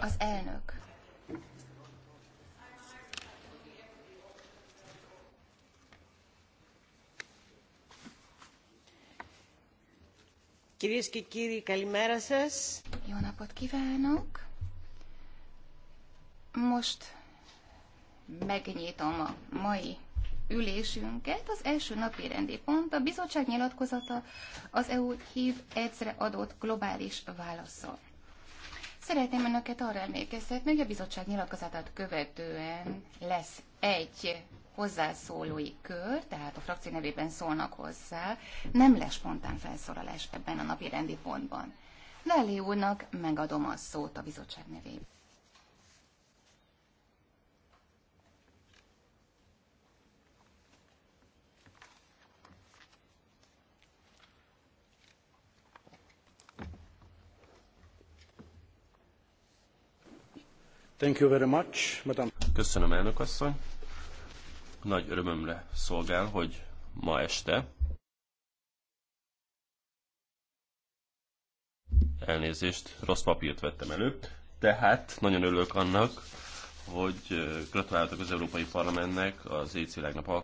Az elnök. Κυρίες και κύριοι, Jó napot kívánok! Most megnyitom a mai ülésünket. Az első napi rendi pont a bizottság nyilatkozata az EU hív egyszerre adott globális válaszol. Szeretném önöket arra emlékeztetni, hogy a bizottság nyilatkozatát követően lesz egy hozzászólói kör, tehát a frakció nevében szólnak hozzá, nem lesz spontán felszólalás ebben a napi rendi pontban. Lelli úrnak megadom a szót a bizottság nevében. Köszönöm, elnök asszony. Nagy örömömre szolgál, hogy ma este elnézést, rossz papírt vettem elő, tehát nagyon örülök annak, hogy gratuláltak az Európai Parlamentnek az éjszilágnap